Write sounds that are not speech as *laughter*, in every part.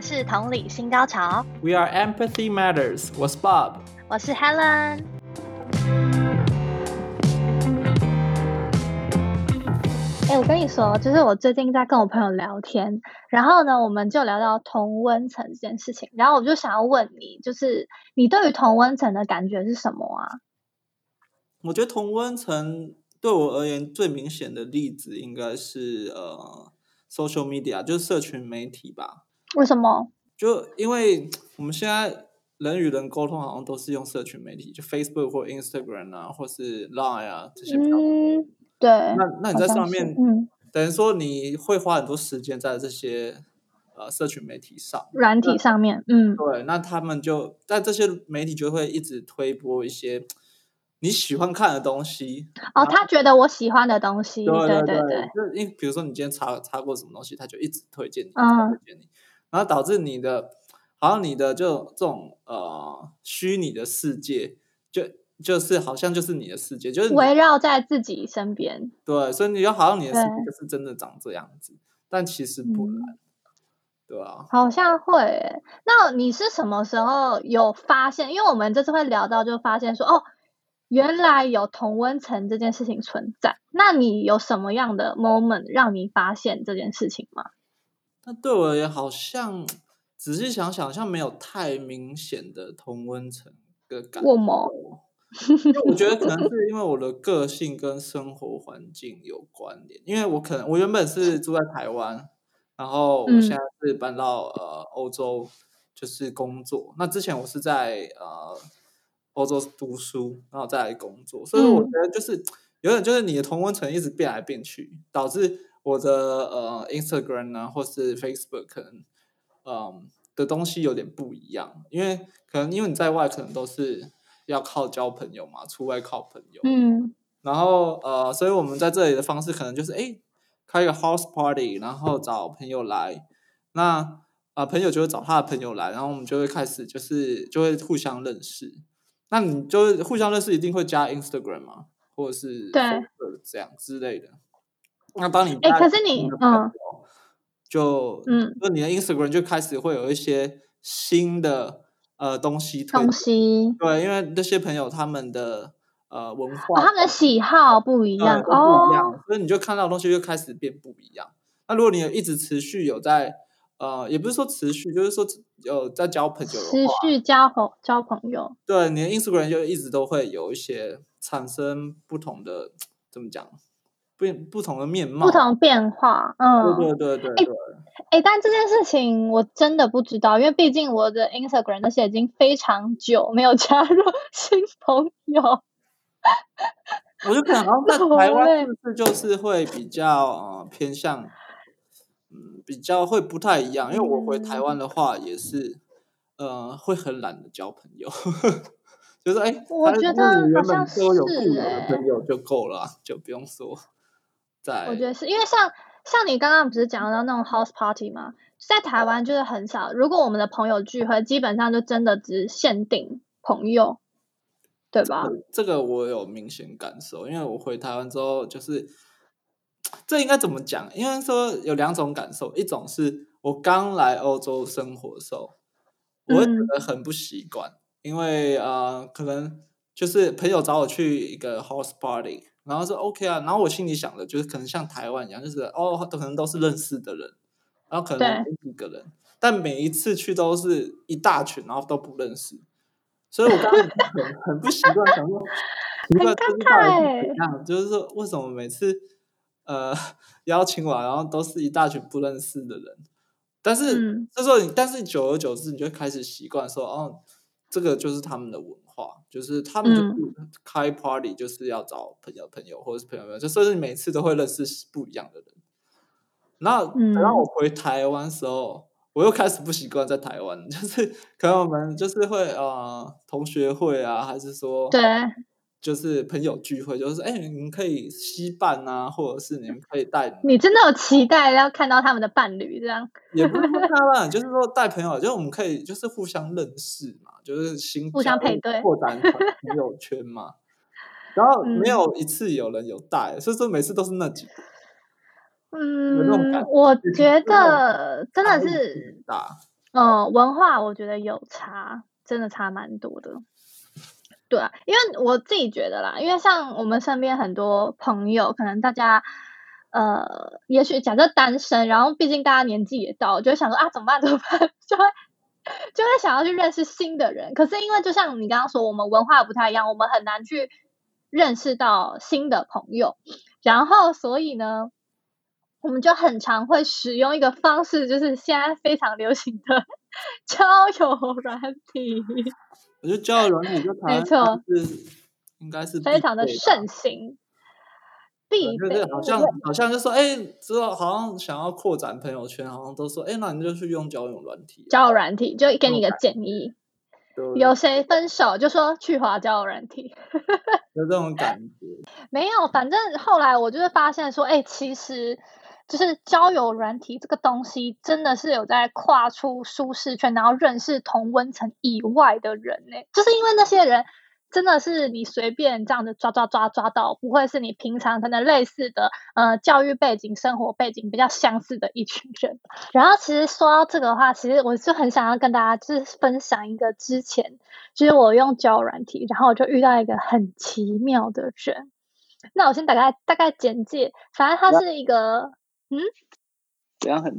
是同理心高潮。We are Empathy Matters. 我是 Bob。我是 Helen。哎、欸，我跟你說，就是我最近在跟我朋友聊天，然後呢，我們就聊到同溫層這件事情，然後我就想要問你，就是你對於同溫層的感覺是什麼啊？我覺得同溫層對我而言最明顯的例子，應該是呃，social media，就是社群媒體吧。為什麼？就因為我們現在人與人溝通好像都是用社群媒體，就 Facebook 或 Instagram 啊，或是 Line 啊這些。嗯，對。那那你在上面，是嗯，等於說你會花很多時間在這些呃社群媒體上，軟體上面，嗯，對。那他們就在這些媒體就會一直推播一些你喜歡看的東西。哦，他覺得我喜歡的東西，對對對，對對對，就因比如說你今天查查過什麼東西，他就一直推薦你，嗯，推薦你。然後導致你的，好像你的就這種呃虛擬的世界，就就是好像就是你的世界，就是圍繞在自己身邊。對，所以你就好像你的世界是真的長這樣子，但其實不然，嗯，對啊，好像會，欸。那你是什麼時候有發現？因為我們這次會聊到，就發現說哦，原來有同溫層這件事情存在。那你有什麼樣的 moment 讓你發現這件事情嗎？那對我也好像仔細想想，像沒有太明顯的同溫層的感覺。因為我覺得可能是因為我的個性跟生活環境有關聯。因為我可能我原本是住在台灣，然後我現在是搬到、嗯、呃歐洲，就是工作。那之前我是在呃歐洲讀書，然後再來工作。所以我覺得就是、嗯、有點，就是你的同溫層一直變來變去，導致。我的呃，Instagram 啊，或是 Facebook 可能，嗯、呃，的東西有點不一樣，因為可能因為你在外可能都是要靠交朋友嘛，出外靠朋友。嗯。然後呃，所以我們在這裡的方式可能就是，哎，開一個 house party，然後找朋友來。那啊、呃，朋友就會找他的朋友來，然後我們就會開始就是就會互相認識。那你就是互相認識，一定會加 Instagram 嘛，或者是這樣之類的？那當你哎，可是你嗯，就嗯，就你的 Instagram 就開始會有一些新的呃東西東西，對，因為那些朋友他們的呃文化、哦，他們的喜好不一樣、嗯、哦，不一樣，所以你就看到東西就開始變不一樣。那如果你有一直持續有在呃，也不是說持續，就是說有在交朋友，持續交朋交朋友，對，你的 Instagram 就一直都會有一些產生不同的怎麼講？不不同的面貌，不同變化，嗯，對對對對哎、欸欸，但這件事情我真的不知道，因為畢竟我的 Instagram 那些已經非常久沒有加入新朋友。我就可能在台灣是不是就是會比較呃偏向，嗯，比較會不太一樣，因為我回台灣的話也是，呃、會很懶得交朋友， *laughs* 就是哎，欸，我覺得好像是都有固有的朋友就夠了，就不用說。在我覺得是因為像像你剛剛不是講到那種 house party 嗎？在台灣就是很少。如果我們的朋友聚會，基本上就真的只限定朋友，對吧？這個、這個、我有明顯感受，因為我回台灣之後，就是這應該怎麼講？因為說有兩種感受，一種是我剛來歐洲生活的時候，我覺得很不習慣，嗯、因為啊、呃，可能就是朋友找我去一個 house party。然後說 OK 啊，然後我心裡想的就是可能像台灣一樣，就是哦，可能都是認識的人，然後可能有幾個人，但每一次去都是一大群，然後都不認識，所以我剛剛很 *laughs* 很不習慣，想說奇怪這麼大群一樣，就是說，為什麼每次呃邀請我，然後都是一大群不認識的人，但是、嗯、但是久而久之，你就開始習慣說哦。這個就是他們的文化，就是他們就是開 party、嗯、就是要找朋友朋友或者是朋友朋友，就甚至每次都會認識不一樣的人。然後、嗯、等到我回台灣時候，我又開始不習慣在台灣，就是可能我們就是會啊、呃、同學會啊，還是說對。就是朋友聚會，就是哎、欸，你們可以攜伴啊，或者是你們可以帶。你真的有期待要看到他們的伴侶這樣？也不太吧， *laughs* 就是說帶朋友，就是我們可以就是互相認識嘛，就是新互相配對擴展 *laughs* 朋友圈嘛。然 *laughs* 後沒有一次有人有帶，所以說每次都是那幾個。嗯，我覺得真的是大。嗯，文化我覺得有差，真的差蠻多的。對啊，因為我自己覺得啦，因為像我們身邊很多朋友，可能大家，呃，也許假設單身，然後畢竟大家年紀也到，就會想說啊怎麼辦怎麼辦，就會就會想要去認識新的人。可是因為就像你剛剛說，我們文化不太一樣，我們很難去認識到新的朋友，然後所以呢，我們就很常會使用一個方式，就是現在非常流行的，交友軟體，我覺得交友軟體就台沒應該是應是非常的盛行。我覺、就是、好像對對對好像就說，哎、欸，之後好，好像想要擴展朋友圈，好像都說，哎、欸，那你就去用交友軟體。交友軟體就給你一個建議、okay，有誰分手就說去滑交友軟體，有 *laughs* 這種感覺。沒有，反正後來我就是發現說，哎、欸，其實。就是交友軟體這個東西，真的是有在跨出舒適圈，然後認識同溫層以外的人呢，就是因為那些人真的是你隨便這樣子抓抓抓抓到，不會是你平常可能類似的呃教育背景、生活背景比較相似的一群人。然後其實說到這個的話，其實我就很想要跟大家就是分享一個之前，就是我用交友軟體，然後我就遇到一個很奇妙的人。那我先大概大概簡介，反正他是一個。What? 嗯，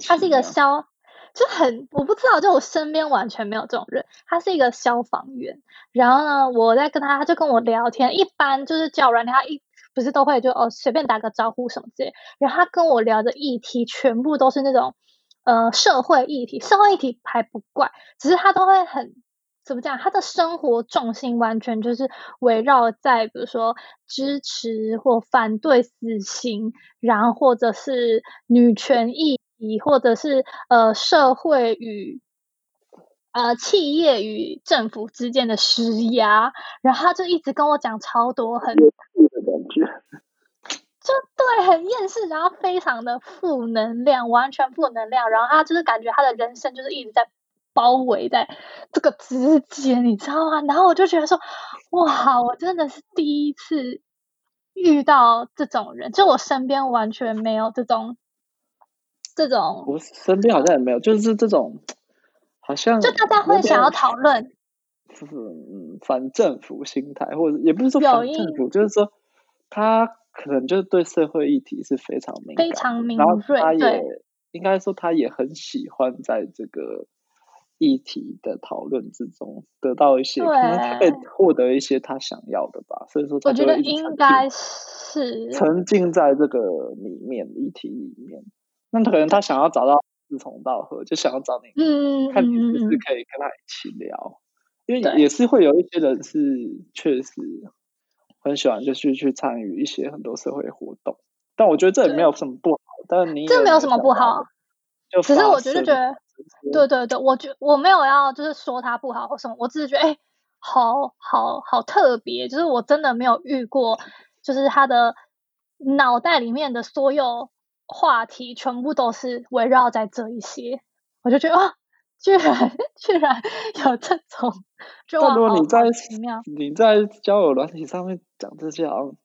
他是一個消，就很我不知道，就我身邊完全沒有這種人。他是一個消防員，然後呢，我在跟他，他就跟我聊天，一般就是叫人，他一不是都會就哦隨便打個招呼什麼之類。然後他跟我聊的議題全部都是那種呃社會議題，社會議題還不怪，只是他都會很。怎麼講？他的生活重心完全就是圍繞在比如說支持或反對死刑，然後或者是女權議題，或者是呃社會與呃企業與政府之間的施壓，然後他就一直跟我講超多很，就對，很厭世，然後非常的負能量，完全負能量，然後他就是感覺他的人生就是一直在。包圍在這個之間，你知道嗎？然後我就覺得說，哇，我真的是第一次遇到這種人，就我身邊完全沒有這種這種。我身邊好像也沒有，就是這種，好像就大家會想要討論反反政府心態，或者也不是說反政府，就是說他可能就是對社會議題是非常敏感的，非常敏銳他也。對，應該說他也很喜歡在這個。議題的討論之中，得到一些可能他會獲得一些他想要的吧，所以說他我覺得應該是沉浸在這個裡面議題裡面。那可能他想要找到志同道合，就想要找你，嗯、看你是不是可以跟他一起聊，嗯。因為也是會有一些人是確實很喜歡就去去參與一些很多社會活動，但我覺得這也沒有什麼不好。但你沒這沒有什麼不好，就只是我覺得覺得。對對對，我覺我沒有要就是說他不好或什麼，我只是覺得哎、欸，好好好特別，就是我真的沒有遇過，就是他的腦袋裡面的所有話題全部都是圍繞在這一些，我就覺得哦居然居然有這種。就如果你在你在交友軟體上面講這些，好像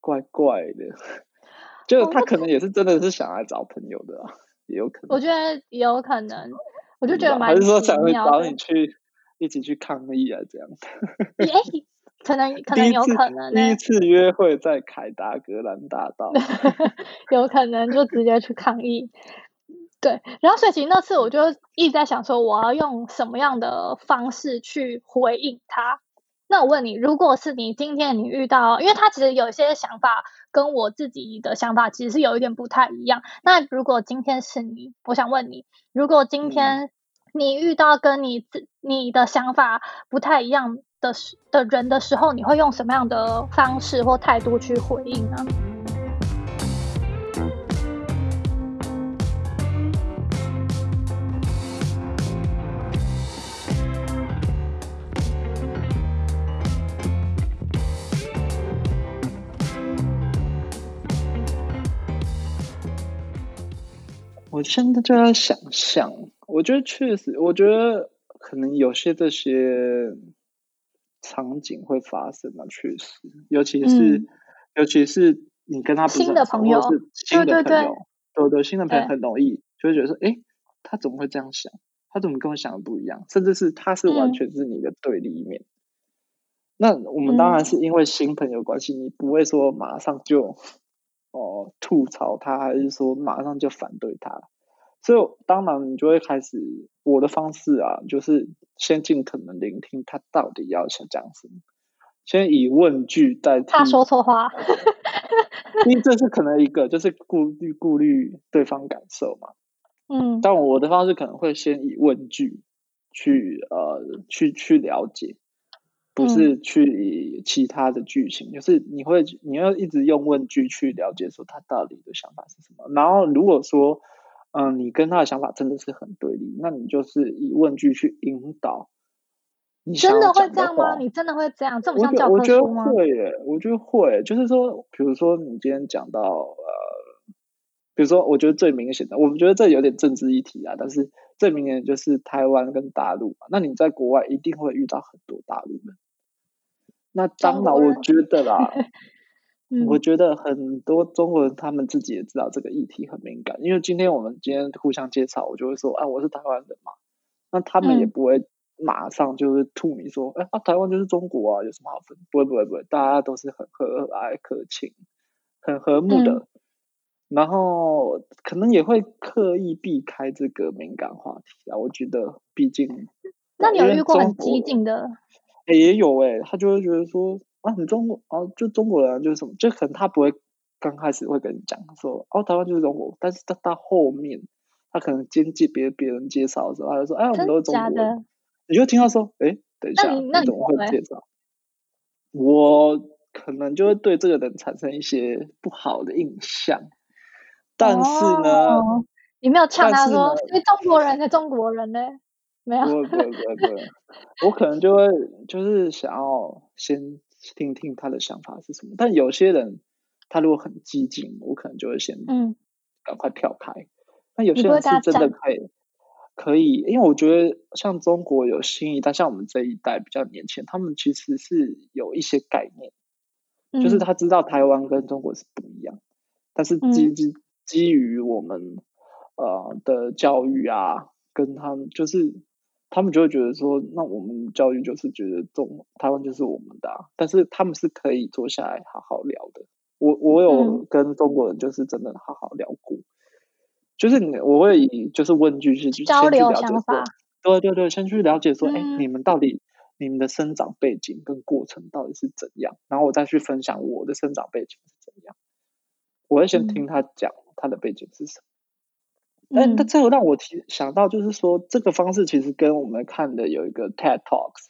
怪怪的，就是他可能也是真的是想來找朋友的，啊也有可能，我覺得也有可能、嗯，我就覺得蠻奇妙的。還是說想找你去一起去抗議啊？這樣子，哎、 *laughs* 欸，可能可能有可能、欸，第，第一次約會在凱達格蘭大道、啊， *laughs* *laughs* 有可能就直接去抗議。 *laughs* 對，然後所以其實那次我就一直在想，說我要用什麼樣的方式去回應他。那我問你，如果是你今天你遇到，因為他其實有一些想法跟我自己的想法其實是有一點不太一樣。那如果今天是你，我想問你，如果今天你遇到跟你自你的想法不太一樣的的人的時候，你會用什麼樣的方式或態度去回應呢？現在就在想象，我覺得確實，我覺得可能有些這些場景會發生啊，確實，尤其是、嗯、尤其是你跟他不是是新的朋友，是新的朋友對對對，對對，新的朋友很容易就會覺得說，誒、欸，他怎麼會這樣想？他怎麼跟我想的不一樣？甚至是他是完全是你的對立面。嗯、那我們當然是因為新朋友關係，嗯、你不會說馬上就哦、呃、吐槽他，還是說馬上就反對他？所以，當然你就會開始我的方式啊，就是先盡可能聆聽他到底要想講什麼，先以問句代替。他說錯話， *laughs* 因為這是可能一個，就是顧慮顧慮對方感受嘛。嗯。但我的方式可能會先以問句去呃去去了解，不是去以其他的劇情、嗯，就是你會你要一直用問句去了解，說他到底的想法是什麼。然後如果說。嗯，你跟他的想法真的是很對立，那你就是以問句去引導你。真的會這樣嗎？你真的會這樣？這麼我覺得教科會，我覺得會，欸我覺得會欸。就是說，比如說，你今天講到呃，比如說，我覺得最明顯的，我們覺得這有點政治議題啊，但是最明顯就是台灣跟大陸。那你在國外一定會遇到很多大陸人。那當然，我覺得啦。 *laughs* 嗯、我覺得很多中國人他們自己也知道這個議題很敏感，因為今天我們今天互相介紹，我就會說啊，我是台灣人嘛，那他們也不會馬上就是吐你說，哎、嗯欸，啊台灣就是中國啊，有什麼好分？不會不會不會，大家都是很和藹可親，很和睦的，嗯、然後可能也會刻意避開這個敏感話題啊。我覺得畢竟。那你有遇過很激進的？哎、欸，也有哎、欸，他就會覺得說。啊，你中國哦、啊，就中國人、啊、就是什麼，就可能他不會剛開始會跟你講說，哦，台灣就是中國，但是他到後面，他可能間接別別人介紹的時候，他就說，哎，我們都是中國人。你就聽他說，哎、欸，等一下你，你怎麼會介紹、欸？我可能就會對這個人產生一些不好的印象，但是呢，你、哦、沒有嗆他說，因為中國人的中國人呢， *laughs* 沒有，不會不會，我可能就會就是想要先。聽聽他的想法是什麼，但有些人他如果很激進，我可能就會先嗯趕快跳開、嗯。但有些人是真的可以，可以，因為我覺得像中國有新一代，但像我們這一代比較年輕，他們其實是有一些概念，嗯、就是他知道台灣跟中國是不一樣，但是基基基於我們、嗯、呃的教育啊，跟他們就是。他們就會覺得說，那我們教育就是覺得中台灣就是我們的、啊，但是他們是可以坐下來好好聊的。我我有跟中國人就是真的好好聊過，嗯、就是你我會以就是問句去先去了解說，對對對，先去了解說，哎、嗯欸，你們到底你們的生長背景跟過程到底是怎樣？然後我再去分享我的生長背景是怎樣。我會先聽他講他的背景是什麼。嗯那、欸嗯、這個讓我提想到，就是說，這個方式其實跟我們看的有一個 TED Talks，、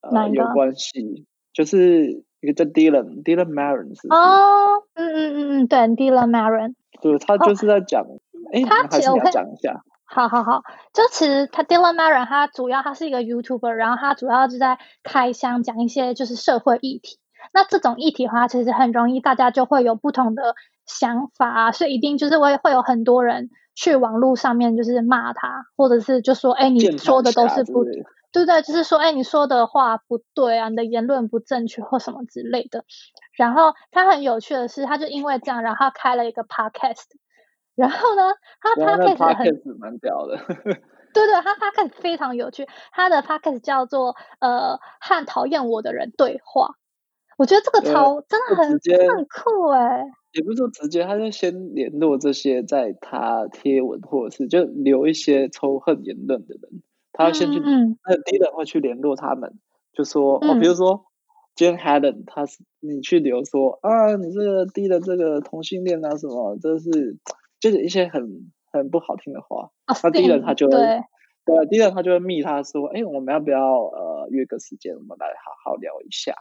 呃、有關係，就是一個叫 Dylan Dylan Maron 是不是？哦，是是嗯嗯嗯嗯，對，Dylan Maron。對，他就是在講，他、哦、我、欸、還是要講一下。好好好，就其實他 Dylan Maron 他主要他是一個 YouTuber，然後他主要就是在開箱講一些就是社會議題。那這種議題的話，其實很容易大家就會有不同的想法，所以一定就是也會有很多人。去網路上面就是罵他，或者是就說，哎、欸，你說的都是不對，對不對？就是說，哎、欸，你說的話不對啊，你的言論不正確或什麼之類的。然後他很有趣的是，他就因為這樣，然後開了一個 podcast。然後呢，他 podcast, podcast 很蠻屌的。 *laughs* 對對，他 podcast 非常有趣，他的 podcast 叫做呃和討厭我的人對話。我覺得這個超真的很很酷哎、欸嗯！也不是說直接，他就先聯絡這些，在他貼文或者是就留一些仇恨言論的人，他先去、嗯、那第一人會去聯絡他們，就說、嗯、哦，比如說、嗯、Jane Helen，他是你去留說啊，你這個第一人這個同性戀啊什麼，這是就是一些很很不好聽的話、哦。那第一人他就會，對，對第一人他就會密他說，哎，我們要不要呃約個時間，我們來好好聊一下。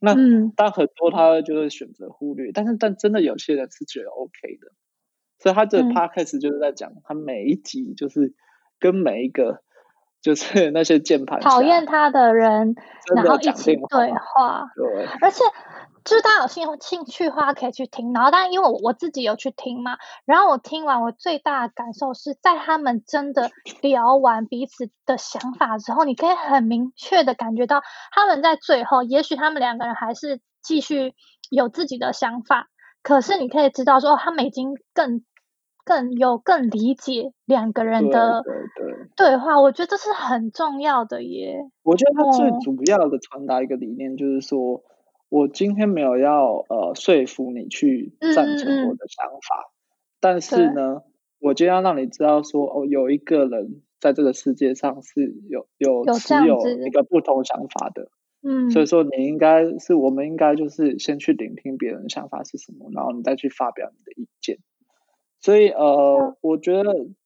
那但、嗯、很多他就是選擇忽略，但是但真的有些人是覺得 OK 的，所以他的 Podcast 就是在講他每一集就是跟每一個就是那些鍵盤討厭他的人，然後一起對話，對，而且。就是大家有興興趣的話可以去聽，然後但因為我，我自己有去聽嘛，然後我聽完我最大的感受是在他們真的聊完彼此的想法之後，你可以很明確的感覺到他們在最後，也許他們兩個人還是繼續有自己的想法，可是你可以知道說他們已經更更有更理解兩個人的對話，對對對，我覺得這是很重要的耶。我覺得他最主要的傳達一個理念就是說。我今天沒有要呃說服你去贊成我的想法，嗯、但是呢，我今天要讓你知道說，哦，有一個人在這個世界上是有有持有一個不同想法的，嗯，所以說你應該是我們應該就是先去聆聽別人的想法是什麼，然後你再去發表你的意見。所以呃、嗯，我覺得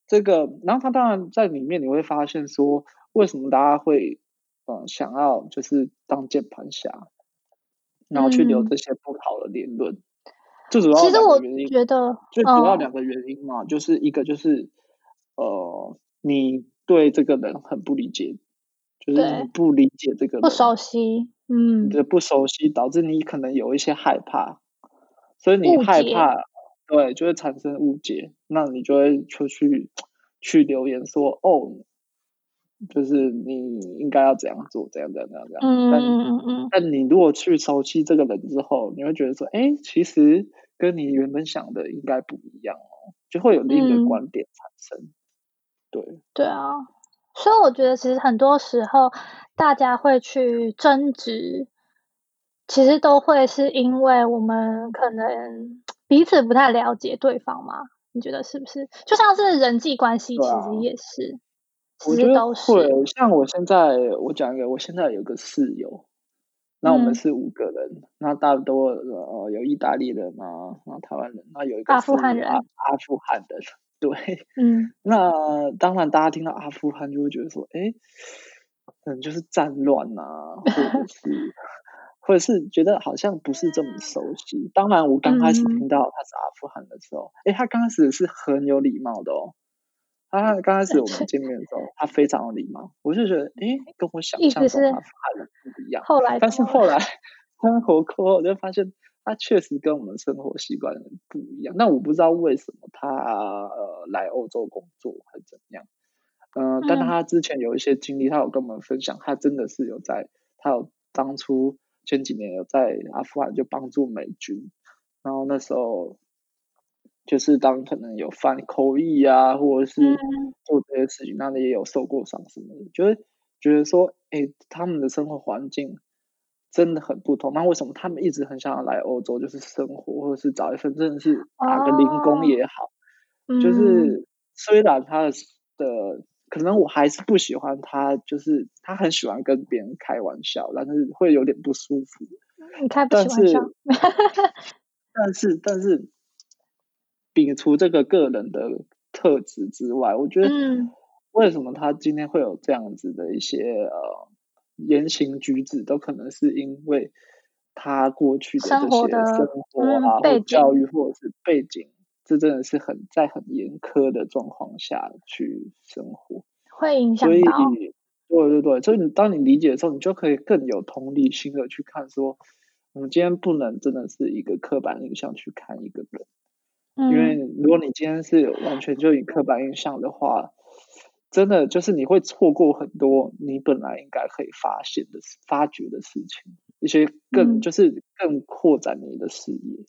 這個，然後他當然在裡面你會發現說，為什麼大家會呃想要就是當鍵盤俠？然後去留這些不好的言論，最、嗯、主要原因其實我覺得最主要兩個原因嘛、哦，就是一個就是，呃，你對這個人很不理解，就是你不理解這個人，不熟悉，嗯，不熟悉導致你可能有一些害怕，所以你害怕，對，就會產生誤解，那你就會出去去留言說哦。就是你應該要怎樣做，怎樣怎樣怎樣這樣。嗯嗯嗯，但你如果去熟悉這個人之後，你會覺得說，哎、欸，其實跟你原本想的應該不一樣哦，就會有另一個觀點產生，嗯。對。對啊，所以我覺得其實很多時候大家會去爭執，其實都會是因為我們可能彼此不太了解對方嘛，你覺得是不是？就像是人際關係，其實也是。我覺得會像我現在，我講一個，我現在有個室友，那我們是五個人，嗯、那大多呃有意大利人啊，然後台灣人，那有一個是阿、阿富汗人阿富汗的，對，嗯，那當然大家聽到阿富汗就會覺得說，哎，可能、嗯、就是戰亂啊，或者是， *laughs* 或者是覺得好像不是這麼熟悉。當然我剛開始聽到他是阿富汗的時候，哎、嗯，他剛開始是很有禮貌的哦。他、啊、剛開始我們見面的時候， *laughs* 他非常的禮貌，我就覺得，誒、欸，跟我想象中的阿富汗人不一樣。後來，但是後來生活過後，就發現他確實跟我們生活習慣不一樣。那、嗯、我不知道為什麼他呃來歐洲工作還是怎樣。嗯、呃，但他之前有一些經歷，他有跟我們分享，他真的是有在，他有當初前幾年有在阿富汗就幫助美軍，然後那時候。就是當可能有犯口譯啊，或者是做這些事情、嗯，那裡也有受過傷什麼的。就是覺得說，哎、欸，他們的生活環境真的很不同。那為什麼他們一直很想要來歐洲，就是生活，或者是找一份，甚至是打個零工也好？哦、就是雖然他的可能我還是不喜歡他，就是他很喜歡跟別人開玩笑，但是會有點不舒服。他不但是，不 *laughs* 但是，但是。摒除這個個人的特質之外，我覺得為什麼他今天會有這樣子的一些言行舉止，都可能是因為他過去的這些生活啊，或、嗯、教育，或者是背景，這真的是很在很嚴苛的狀況下去生活，會影響到。所以對對對，所以你當你理解的時候，你就可以更有同理心的去看說，說我們今天不能真的是一個刻板印象去看一個人。因為如果你今天是完全就以刻板印象的話、嗯，真的就是你會錯過很多你本來應該可以發現的、發掘的事情，一些更就是更擴展你的事業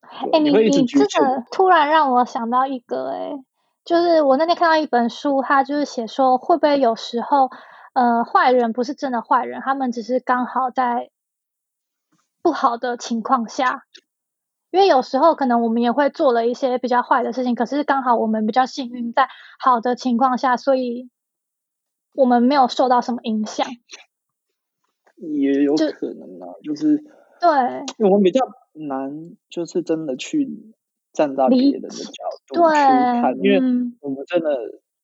哎、嗯欸，你你真的突然讓我想到一個、欸，哎，就是我那天看到一本書，它就是寫說，會不會有時候，呃，壞人不是真的壞人，他們只是剛好在不好的情況下。因為有時候可能我們也會做了一些比較壞的事情，可是剛好我們比較幸運，在好的情況下，所以我們沒有受到什麼影響。也有可能啊，就、就是對，因為我們比較難，就是真的去站到別人的角度去看，因為我們真的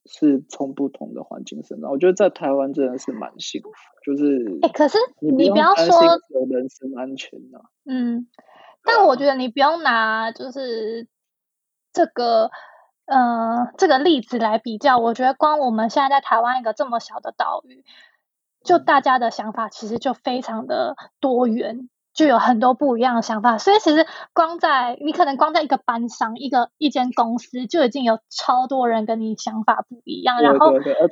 是從不同的環境生長、嗯。我覺得在台灣真的是蠻幸福，就是哎、欸，可是你不要說不人身安全了、啊，嗯。但我覺得你不用拿就是這個呃這個例子來比較。我覺得光我們現在在台灣一個這麼小的島嶼，就大家的想法其實就非常的多元，就有很多不一樣的想法。所以其實光在你可能光在一個班上，一個一間公司就已經有超多人跟你想法不一樣。對對對然後，對對對而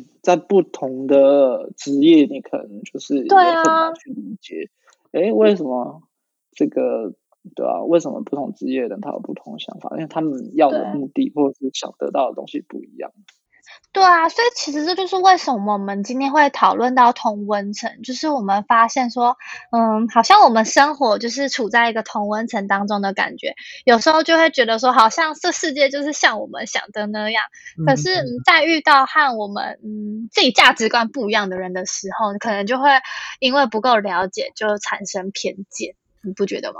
且 *coughs* 在不同的職業，你可能就是對啊，很難去理解。哎，為什麼？這個，對啊，為什麼不同職業的人他有不同的想法？因為他們要的目的或者是想得到的東西不一樣。對啊，所以其實這就是為什麼我們今天會討論到同溫層，就是我們發現說，嗯，好像我們生活就是處在一個同溫層當中的感覺，有時候就會覺得說，好像這世界就是像我們想的那樣。嗯，可是在遇到和我們嗯自己價值觀不一樣的人的時候，你可能就會因為不夠了解就產生偏見。你不覺得嗎？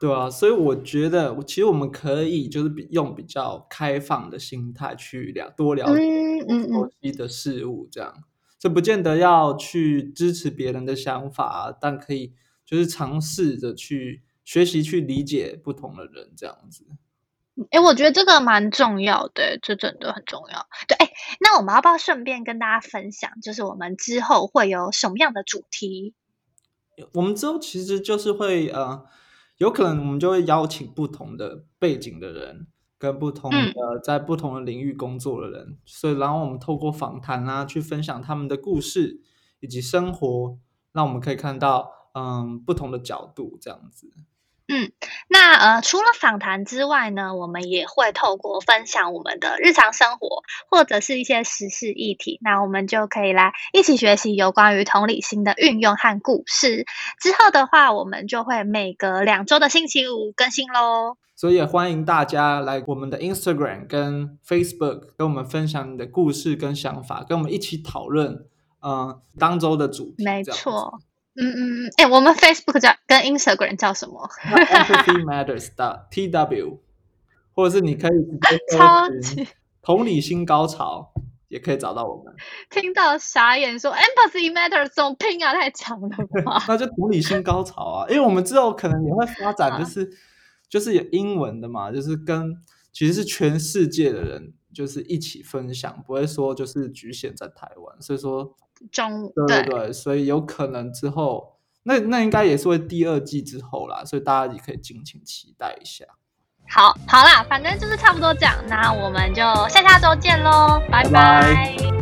對啊，所以我覺得，其實我們可以就是比，用比較開放的心態去聊，多聊熟悉的事物，這樣。這、嗯嗯嗯、不見得要去支持別人的想法，但可以就是嘗試着去學習、去理解不同的人，這樣子。哎、欸，我覺得這個蠻重要的、欸，這真的很重要。對，哎、欸，那我們要不要順便跟大家分享，就是我們之後會有什麼樣的主題？我們之後其實就是會呃，有可能我們就會邀請不同的背景的人，跟不同的在不同的領域工作的人，嗯、所以然後我們透過訪談啊，去分享他們的故事以及生活，讓我們可以看到嗯不同的角度這樣子。嗯那呃，除了訪談之外呢，我們也會透過分享我們的日常生活或者是一些時事議題，那我們就可以來一起學習有關於同理心的運用和故事。之後的話，我們就會每隔兩周的星期五更新嘍。所以也歡迎大家來我們的 Instagram 跟 Facebook 跟我們分享你的故事跟想法，跟我們一起討論。嗯、呃，當周的主題沒錯。嗯嗯嗯，哎、嗯欸，我們 Facebook 叫跟 Instagram 叫什麼？Empathy Matters.TW， *laughs* 或者是你可以超級同理心高潮，也可以找到我們。聽到傻眼說 Empathy Matters 總拼啊，太強了吧？那就同理心高潮啊， *laughs* 因為我們之後可能也會發展，就是、啊、就是有英文的嘛，就是跟其實是全世界的人就是一起分享，不會說就是局限在台灣，所以說。中對，對對，所以有可能之後，那那應該也是會第二季之後啦，所以大家也可以敬請期待一下。好好啦，反正就是差不多這樣，那我們就下下周見咯，拜拜。拜拜。